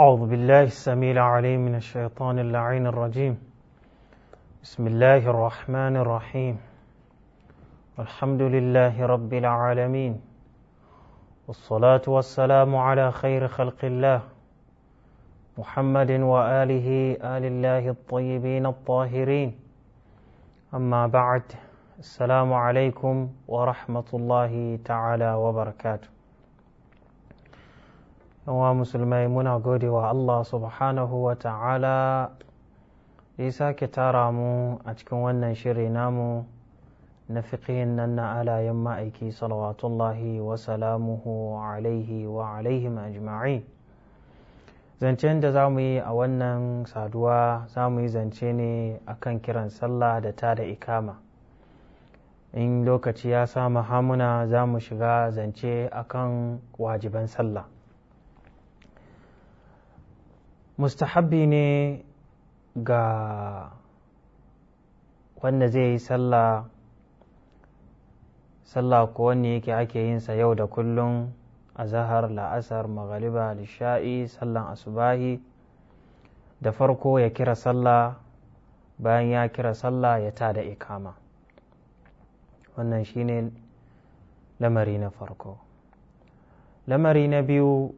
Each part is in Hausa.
أعوذ بالله السميع العليم من الشيطان اللعين الرجيم بسم الله الرحمن الرحيم الحمد لله رب العالمين والصلاة والسلام على خير خلق الله محمد وآله آل الله الطيبين الطاهرين أما بعد السلام عليكم ورحمة الله تعالى وبركاته wa musulmai muna gode wa Allah subhanahu wa ta'ala ya sake tara mu a cikin wannan shiri namu na fiƙihin nan na alayen ma'aiki salawatullahi wa salamuhu alaihi wa alaihim ajma'i zancen da za mu yi a wannan saduwa za mu yi zance ne akan kiran sallah da ta da ikama in lokaci ya sa hamuna za mu shiga zance akan wajiban sallah mustahabbi ne ga wanda zai yi sallah sallah ko wanne yake ake yin sa yau da kullum a zahar la'asar maghaliba lisha'i sallan asubahi da farko ya kira sallah bayan ya kira sallah ya ta da ikama wannan shine lamari na farko lamari na biyu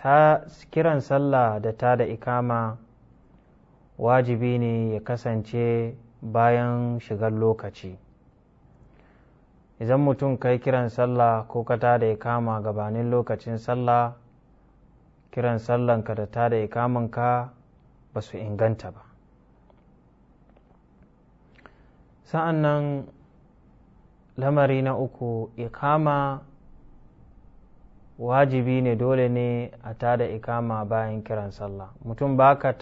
ta kiran sallah da ta da ikama wajibi ne ya kasance bayan shigar lokaci idan mutum kai kiran sallah ko ka ta da ikama gabanin lokacin sallah kiran sallanka da ta da ikamanka ba su inganta ba sa'an nan lamari na uku ikama wajibi ne dole ne a tada ikama bayan kiran sallah mutum ba ka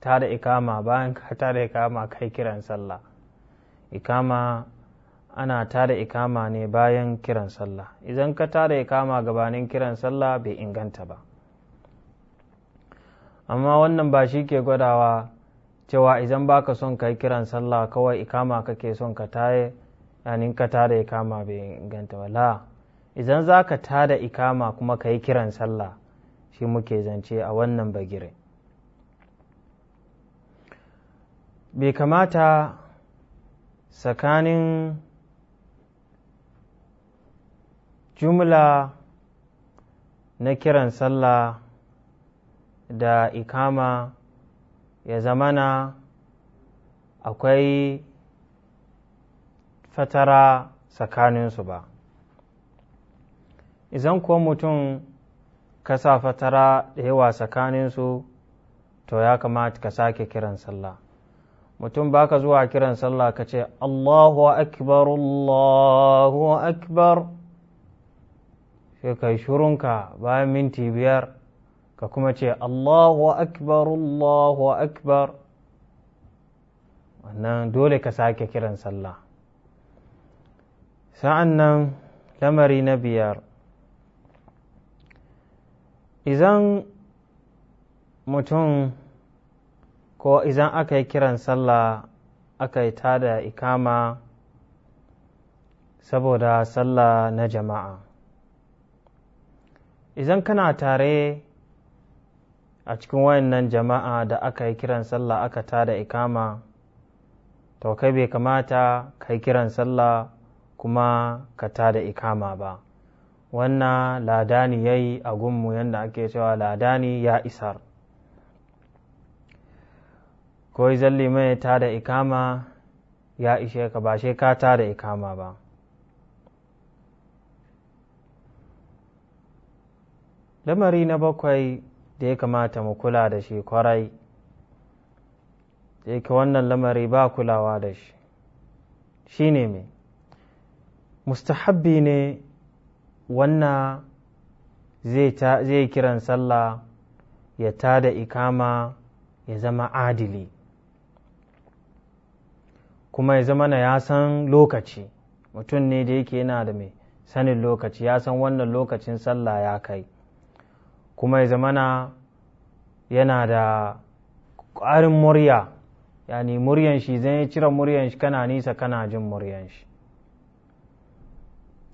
tada ikama bayan ka tada ikama kai kiran sallah ikama ana tada ikama ne bayan kiran sallah idan ka tada ikama gabanin kiran sallah bai inganta ba amma wannan ba shi ke gwadawa cewa idan baka son kai kiran sallah kawai ikama kake son ka taye yanin ka tada ikama bai inganta ba la idan za ka tada ikama kuma ka yi kiran sallah shi muke zance a wannan bagire bai kamata tsakanin jumla na kiran sallah da ikama ya zamana akwai fatara tsakaninsu ba izan kuwa mutum ka sa fatara da yawa tsakaninsu to ya kamata ka sake kiran sallah mutum baka zuwa kiran sallah ka ce allahu akbar allahu akbar sai ka yi bayan minti biyar ka kuma ce allahu akbar allahu akbar wannan dole ka sake kiran sallah sa'an nan lamari na biyar Izan mutum ko izan aka yi kiran sallah aka yi tada ikama saboda sallah na jama'a Izan kana tare a cikin wayannan jama'a da aka yi kiran sallah aka tada ikama to kai bai kamata ka yi kiran sallah kuma ka tada ikama ba wannan ladani ya yi a gunmu yadda ake cewa ladani ya isar ko zalli mai ta da ikama ya ishe ka ba shi ka ta da ikama ba lamari na bakwai da ya kamata mu kula da shi kwarai da yake wannan lamari ba kulawa da shi shi ne mai mustahabbi ne wannan zai kiran sallah ya ta da ikama ya zama adili kuma ya zama na ya san lokaci mutum ne da yake yana da mai sanin lokaci ya san wannan lokacin sallah ya kai kuma ya zama na yana da ƙwarin murya yani muryan shi zai cire muryan shi kana nisa kana jin muryan shi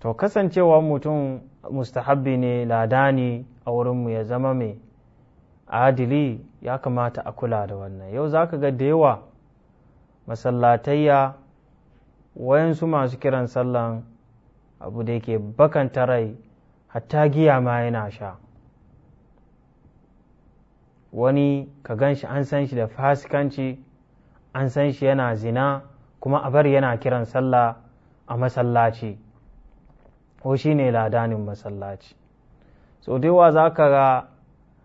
to kasancewa mutum mustahabbi ne ladani a wurinmu ya zama mai adili ya kamata a kula da wannan yau za ka ga da yawa masallatayya wayansu masu kiran sallan abu da yake bakanta rai hatta giya ma yana sha wani ka gan shi an san shi da fasikanci an san shi yana zina kuma a bari yana kiran sallah a masallaci ko shi ne ladanin masallaci so dewa za ka ga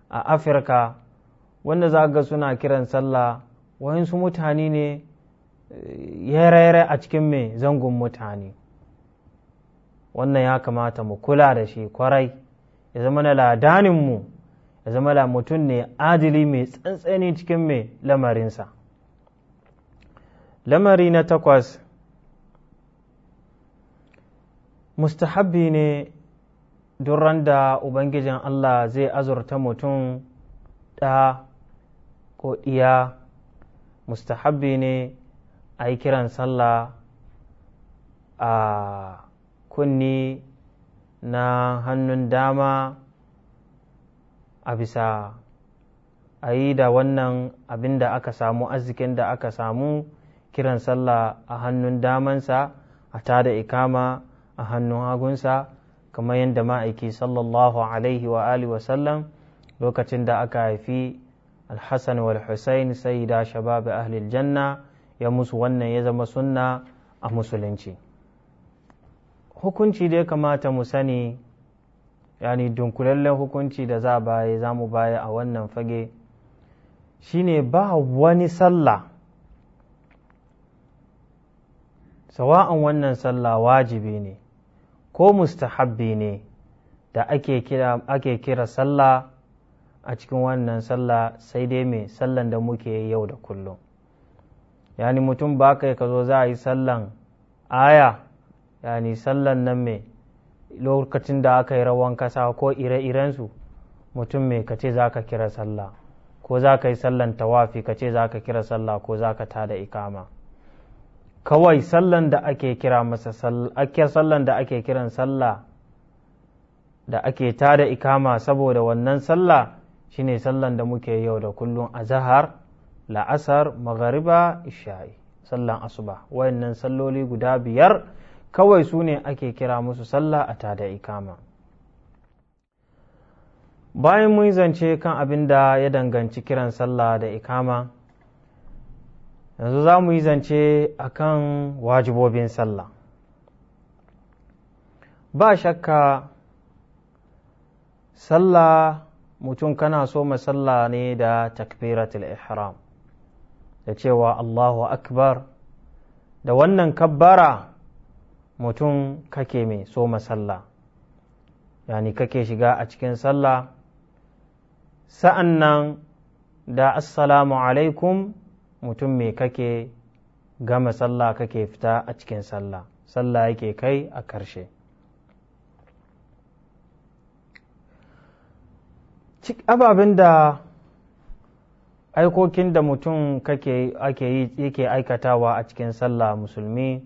a afirka wanda za ga suna kiran sallah wayansu mutane ne eh, yare yare a cikin mai zangon mutane wannan ya kamata mu kula da shi kwarai ya zama na ladaninmu ya zama la mutum ne adili mai tsantsani cikin mai lamarinsa lamari na takwas mustahabbi ne duran da ubangijin allah zai azurta mutum ɗa ko iya mustahabbi ne a yi kiran sallah a kunni na hannun dama a bisa a yi da wannan abin da aka samu arzikin da aka samu kiran sallah a hannun damansa a tada ikama a hannun hagunsa kamar yadda ma'aiki sallallahu alaihi wa alihi wasallam lokacin da aka haifi alhassan wal husain sai da shababi ahlil janna ya musu wannan ya zama sunna a musulunci hukunci da ya kamata mu sani yani dunkulallen hukunci da za baya za mu baya a wannan fage shine ba wani sallah sawa'an wannan sallah wajibi ne ko mustahabbi ne da ake kira kira sallah a cikin wannan sallah sai dai mai sallan da muke yau da kullum yani mutum ba kai ka zo za a yi sallan aya yani sallan nan mai lokacin da aka yi rawan kasa ko ire iren su mutum mai ka ce za ka kira sallah ko za ka yi sallan tawafi ka ce za ka kira sallah ko za ka tada ikama kawai sallan da ake kira masa ake sallan da ake kiran sallah da ake tada ikama saboda wannan sallah shine sallan da muke yau da kullun a zahar la'asar magariba isha'i sallan asuba wayannan salloli guda biyar kawai sune ake kira musu sallah a tada ikama bayan mun zance kan abin da ya danganci kiran sallah da ikama yanzu za mu yi zance a kan wajibobin sallah ba shakka sallah mutum kana so sallah ne da takbiratul ihram da cewa allahu akbar da wannan kabbara mutum kake mai so sallah yani kake shiga a cikin sallah sa'an nan da assalamu alaikum mutum me kake gama sallah kake fita a cikin sallah sallah yake kai a ƙarshe ababen da aikokin da mutum kake yake aikatawa a cikin sallah musulmi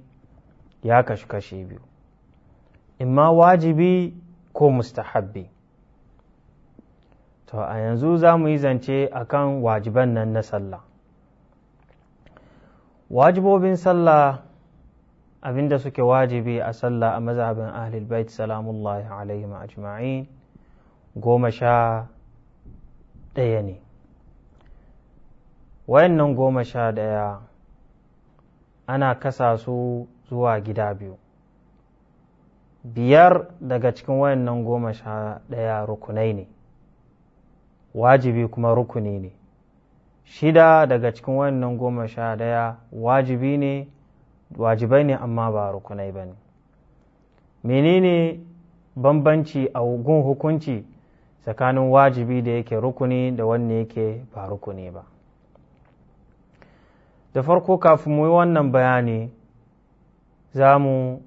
ya kashi kashi biyu imma wajibi ko mustahabbi to a yanzu za mu yi zance akan wajiban nan na sallah wajibobin sallah abinda suke wajibi a sallah a mazhabin ahlul bait salamullahi alaihim ajma'in goma sha ɗaya ne wayannan goma sha ɗaya ana kasa su zuwa gida biyu biyar daga cikin wayannan goma sha ɗaya rukunai ne wajibi kuma rukuni ne shida daga cikin wannan goma sha daya wajibi ne wajibai ne amma ba rukunai ba ne menene bambanci a gun hukunci tsakanin wajibi da yake rukuni da wanne yake ba rukuni ba da farko kafin mu yi wannan bayani za mu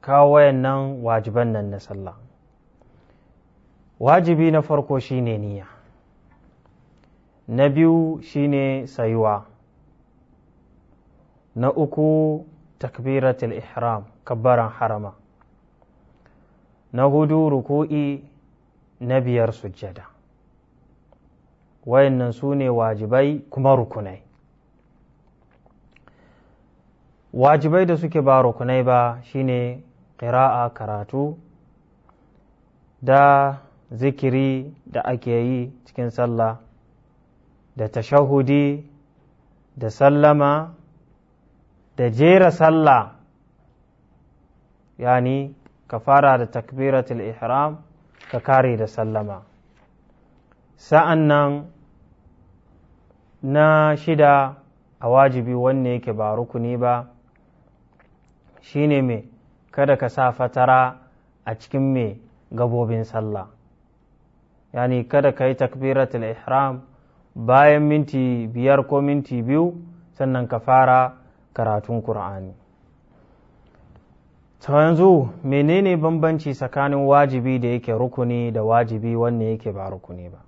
kawo wayannan wajiban nan na sallah wajibi na farko shine niyya na biyu shine sayuwa na uku takbiratul ihram kabbaran harama na hudu ruku'i na biyar sujjada wayannan su ne wajibai kuma rukunai wajibai da suke ba rukunai ba shine ƙira'a karatu da zikiri da ake yi cikin sallah da tashahudi da sallama da jera sallah yani ka fara da takbiratul ihram ka kare da sallama sa'an nan na shida a wajibi wanne yake ba rukuni ba shine mai kada ka sa fatara a cikin mai gabobin sallah yani kada ka yi takbiratul ihram bayan minti biyar ko minti biyu sannan ka fara karatun Kur'ani. ta yanzu menene bambanci tsakanin wajibi da yake rukuni da wajibi wanne yake ba rukuni ba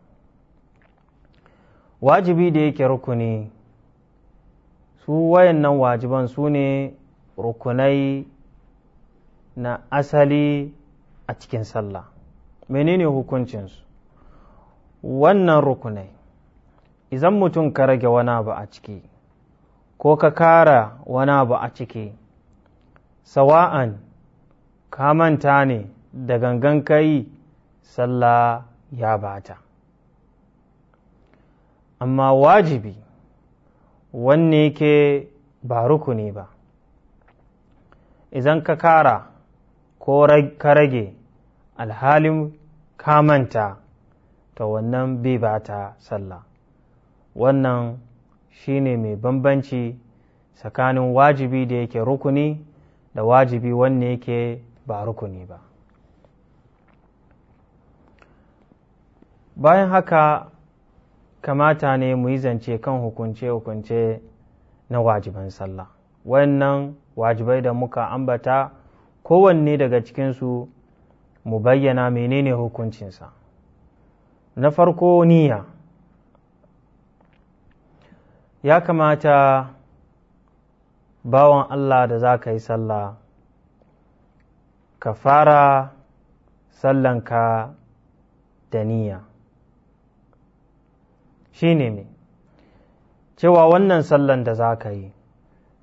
wajibi da yake rukuni su wayannan wajiban su ne rukunai na asali a cikin sallah menene hukuncinsu wannan rukunai Izan mutum ka rage wana ba a ciki ko ka kara wana ba a ciki sawa'an ka manta ne da gangan kai sallah ya bata amma wajibi wanne ke ba rukuni ba Izan ka kara ko ka rage alhalin kamanta ta wannan bai ta sallah wannan shine mai bambanci tsakanin wajibi da yake rukuni da wajibi wanne yake ba rukuni ba bayan haka kamata ne mu yi zance kan hukunce-hukunce na wajiban sallah wannan wajibai da muka ambata kowanne daga cikinsu mu bayyana menene hukuncinsa na farko niyya ya kamata bawan Allah da za ka yi sallah ka fara sallanka da niyya shi ne mai cewa wannan sallan da za ka yi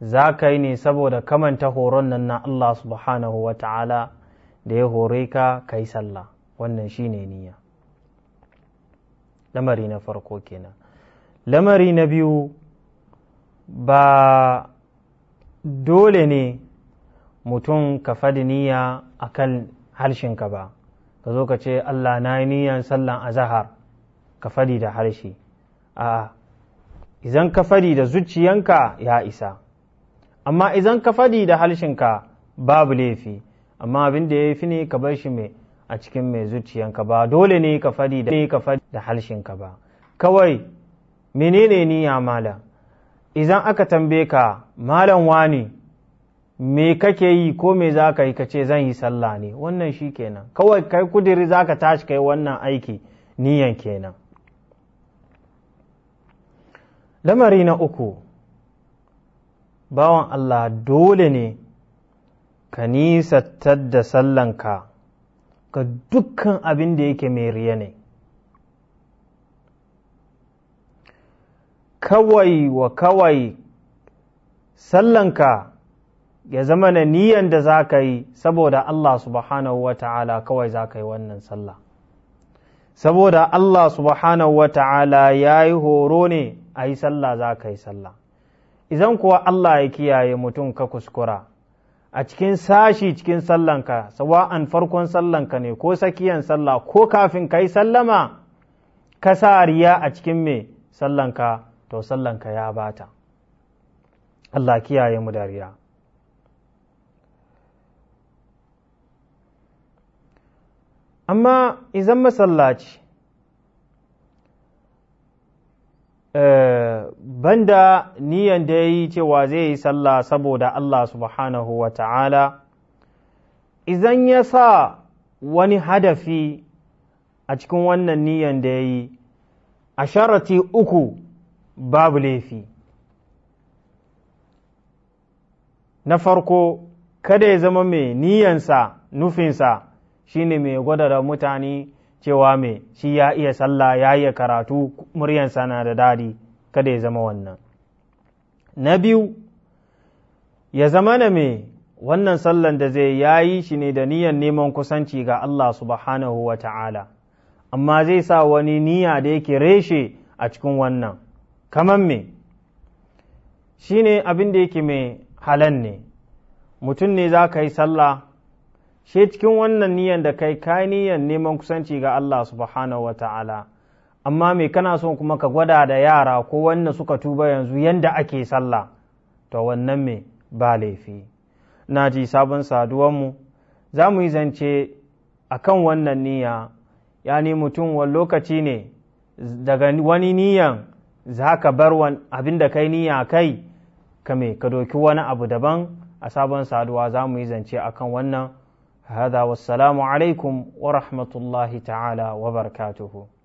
za ka yi ne saboda kamanta horon nan na Allah subhanahu wa ta'ala da ya hore ka ka yi sallah wannan shi ne niyya lamari na farko kenan lamari na biyu ba dole ne mutum ka fadi niyya a kan harshenka ba ka zo ka ce allah na yi niyyan sallan azahar ka fadi da harshe a izan ka faɗi da zuciyanka ya isa amma izan ka fadi da harshenka babu laifi amma abin da ya fi ne ka bar shi mai a cikin mai zuciyanka ba dole ne ka faɗi da harshenka ba kawai menene niyya mala idan aka tambaye ka malam wani me kake yi ko me za ka yi ka ce zan yi sallah ne wannan shi kenan kawai kai kudiri za ka tashi kai wannan aiki niyan kenan lamari na uku bawan allah dole ne ka nisattar da sallanka ga dukkan abin da yake mai riya ne kawai wa kawai sallanka ya zama na niyan da za ka yi saboda Allah subhanahu wa ta'ala kawai za ka yi wannan sallah saboda Allah subhanahu wa ta'ala ya yi horo ne a yi sallah za ka yi sallah izan kuwa Allah ya kiyaye mutum ka kuskura a cikin sashi cikin sallanka an farkon sallanka ne ko sakiyan sallah ko kafin ka yi sallama ka sa riya a cikin me sallanka to sallanka ya bata Allah kiyaye mu dariya amma izan masallaci eh, banda niyan da ya yi cewa zai yi sallah saboda Allah subhanahu wa ta'ala izan ya sa wani hadafi a cikin wannan niyan da ya yi a sharati uku babu laifi na farko kada ya zama mai niyansa nufinsa shine mai gwada da mutane cewa mai shi ya iya sallah ya iya karatu muryansa na da dadi kada ya zama wannan na biyu ya zama na mai wannan sallan da zai yayi shi ne da niyan neman kusanci ga Allah subhanahu wa ta'ala amma zai sa wani niyya da yake reshe a cikin wannan kaman me shi ne abin da yake mai halan ne mutum ne za ka yi sallah shi cikin wannan niyan da kai ka niyan neman kusanci ga Allah subhanahu wa ta'ala amma me kana son kuma ka gwada da yara ko wanda suka tuba yanzu yanda ake sallah to wannan me ba laifi na ji sabon saduwanmu za mu yi zance a kan wannan niyya yani mutum wani lokaci ne daga wani niyan za ka bar abin da kai niyya kai ka me ka doki wani abu daban a sabon saduwa za mu yi zance kan wannan hada wassalamu alaikum wa rahmatullahi ta'ala wa barakatuhu